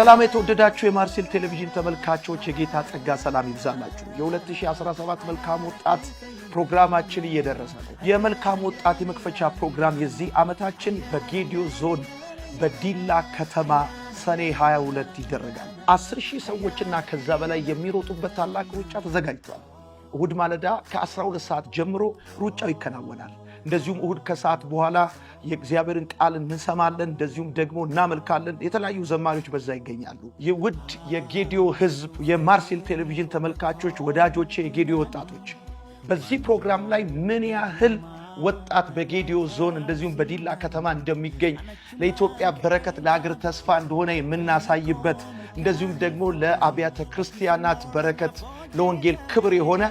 ሰላም የተወደዳችሁ የማርሴል ቴሌቪዥን ተመልካቾች የጌታ ጸጋ ሰላም ይብዛላችሁ። የ2017 መልካም ወጣት ፕሮግራማችን እየደረሰ ነው። የመልካም ወጣት የመክፈቻ ፕሮግራም የዚህ ዓመታችን በጌዲዮ ዞን በዲላ ከተማ ሰኔ 22 ይደረጋል። 10 ሺህ ሰዎችና ከዛ በላይ የሚሮጡበት ታላቅ ሩጫ ተዘጋጅቷል። እሁድ ማለዳ ከ12 ሰዓት ጀምሮ ሩጫው ይከናወናል። እንደዚሁም እሁድ ከሰዓት በኋላ የእግዚአብሔርን ቃል እንሰማለን፣ እንደዚሁም ደግሞ እናመልካለን። የተለያዩ ዘማሪዎች በዛ ይገኛሉ። ውድ የጌዲዮ ህዝብ የማርሴል ቴሌቪዥን ተመልካቾች፣ ወዳጆቼ፣ የጌዲዮ ወጣቶች በዚህ ፕሮግራም ላይ ምን ያህል ወጣት በጌዲዮ ዞን እንደዚሁም በዲላ ከተማ እንደሚገኝ ለኢትዮጵያ በረከት ለሀገር ተስፋ እንደሆነ የምናሳይበት እንደዚሁም ደግሞ ለአብያተ ክርስቲያናት በረከት ለወንጌል ክብር የሆነ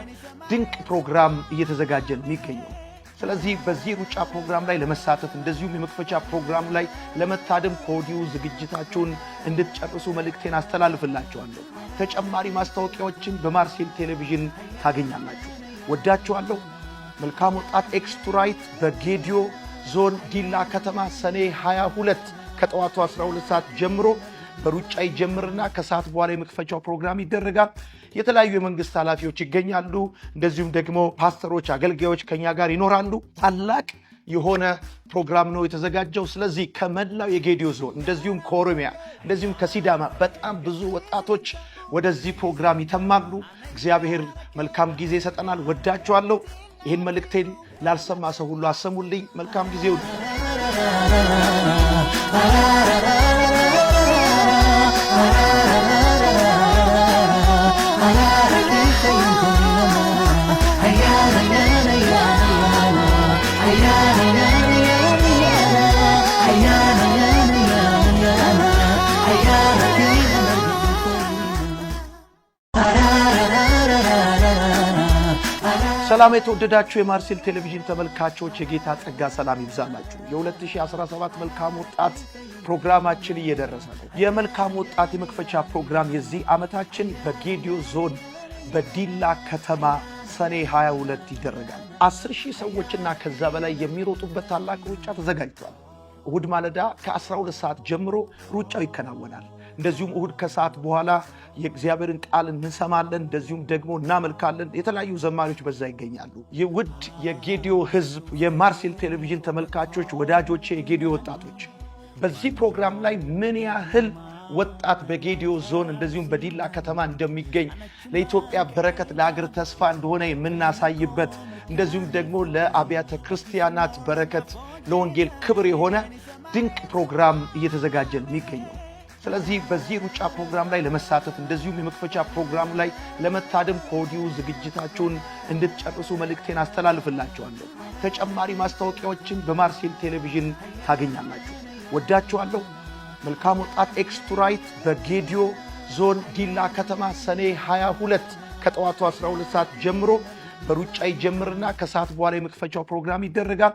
ድንቅ ፕሮግራም እየተዘጋጀ ነው የሚገኘው። ስለዚህ በዚህ ሩጫ ፕሮግራም ላይ ለመሳተፍ እንደዚሁም የመክፈቻ ፕሮግራም ላይ ለመታደም ከወዲሁ ዝግጅታችሁን እንድትጨርሱ መልእክቴን አስተላልፍላችኋለሁ። ተጨማሪ ማስታወቂያዎችን በማርሴል ቴሌቪዥን ታገኛላችሁ። ወዳችኋለሁ። መልካም ወጣት ኤክስቱራይት በጌዲዮ ዞን ዲላ ከተማ ሰኔ 22 ከጠዋቱ 12 ሰዓት ጀምሮ በሩጫ ይጀምርና ከሰዓት በኋላ የመክፈቻው ፕሮግራም ይደረጋል። የተለያዩ የመንግስት ኃላፊዎች ይገኛሉ። እንደዚሁም ደግሞ ፓስተሮች፣ አገልጋዮች ከኛ ጋር ይኖራሉ። ታላቅ የሆነ ፕሮግራም ነው የተዘጋጀው። ስለዚህ ከመላው የጌዲዮ ዞን እንደዚሁም ከኦሮሚያ እንደዚሁም ከሲዳማ በጣም ብዙ ወጣቶች ወደዚህ ፕሮግራም ይተማሉ። እግዚአብሔር መልካም ጊዜ ይሰጠናል። ወዳችኋለሁ። ይህን መልእክቴን ላልሰማ ሰው ሁሉ አሰሙልኝ። መልካም ጊዜ ሰላም የተወደዳችሁ የማርሴል ቴሌቪዥን ተመልካቾች፣ የጌታ ጸጋ ሰላም ይብዛላችሁ። የ2017 መልካም ወጣት ፕሮግራማችን እየደረሰ ነው። የመልካም ወጣት የመክፈቻ ፕሮግራም የዚህ ዓመታችን በጌዲዮ ዞን በዲላ ከተማ ሰኔ 22 ይደረጋል። 10 ሺህ ሰዎችና ከዛ በላይ የሚሮጡበት ታላቅ ሩጫ ተዘጋጅቷል። እሁድ ማለዳ ከ12 ሰዓት ጀምሮ ሩጫው ይከናወናል። እንደዚሁም እሁድ ከሰዓት በኋላ የእግዚአብሔርን ቃል እንሰማለን። እንደዚሁም ደግሞ እናመልካለን። የተለያዩ ዘማሪዎች በዛ ይገኛሉ። የውድ የጌዲዮ ሕዝብ የማርሴል ቴሌቪዥን ተመልካቾች፣ ወዳጆቼ፣ የጌዲዮ ወጣቶች በዚህ ፕሮግራም ላይ ምን ያህል ወጣት በጌዲዮ ዞን እንደዚሁም በዲላ ከተማ እንደሚገኝ ለኢትዮጵያ በረከት ለሀገር ተስፋ እንደሆነ የምናሳይበት እንደዚሁም ደግሞ ለአብያተ ክርስቲያናት በረከት፣ ለወንጌል ክብር የሆነ ድንቅ ፕሮግራም እየተዘጋጀ ነው የሚገኘው። ስለዚህ በዚህ ሩጫ ፕሮግራም ላይ ለመሳተፍ እንደዚሁም የመክፈቻ ፕሮግራም ላይ ለመታደም ከወዲሁ ዝግጅታችሁን እንድትጨርሱ መልእክቴን አስተላልፍላችኋለሁ። ተጨማሪ ማስታወቂያዎችን በማርሴል ቴሌቪዥን ታገኛላችሁ። ወዳችኋለሁ። መልካም ወጣት ኤክስቱራይት በጌዲዮ ዞን ዲላ ከተማ ሰኔ 22 ከጠዋቱ 12 ሰዓት ጀምሮ በሩጫ ይጀምርና ከሰዓት በኋላ የመክፈቻው ፕሮግራም ይደረጋል።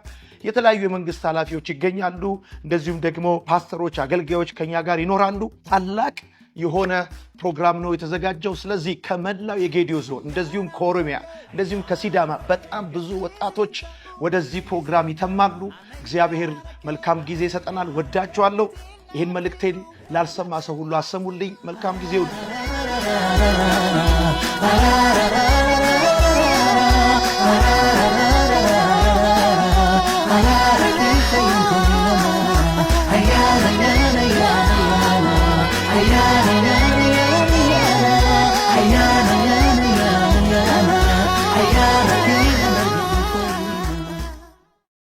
የተለያዩ የመንግስት ኃላፊዎች ይገኛሉ። እንደዚሁም ደግሞ ፓስተሮች፣ አገልጋዮች ከኛ ጋር ይኖራሉ። ታላቅ የሆነ ፕሮግራም ነው የተዘጋጀው። ስለዚህ ከመላው የጌዲዮ ዞን እንደዚሁም ከኦሮሚያ እንደዚሁም ከሲዳማ በጣም ብዙ ወጣቶች ወደዚህ ፕሮግራም ይተማሉ። እግዚአብሔር መልካም ጊዜ ይሰጠናል። ወዳችኋለሁ። ይህን መልእክቴን ላልሰማ ሰው ሁሉ አሰሙልኝ። መልካም ጊዜ Hayal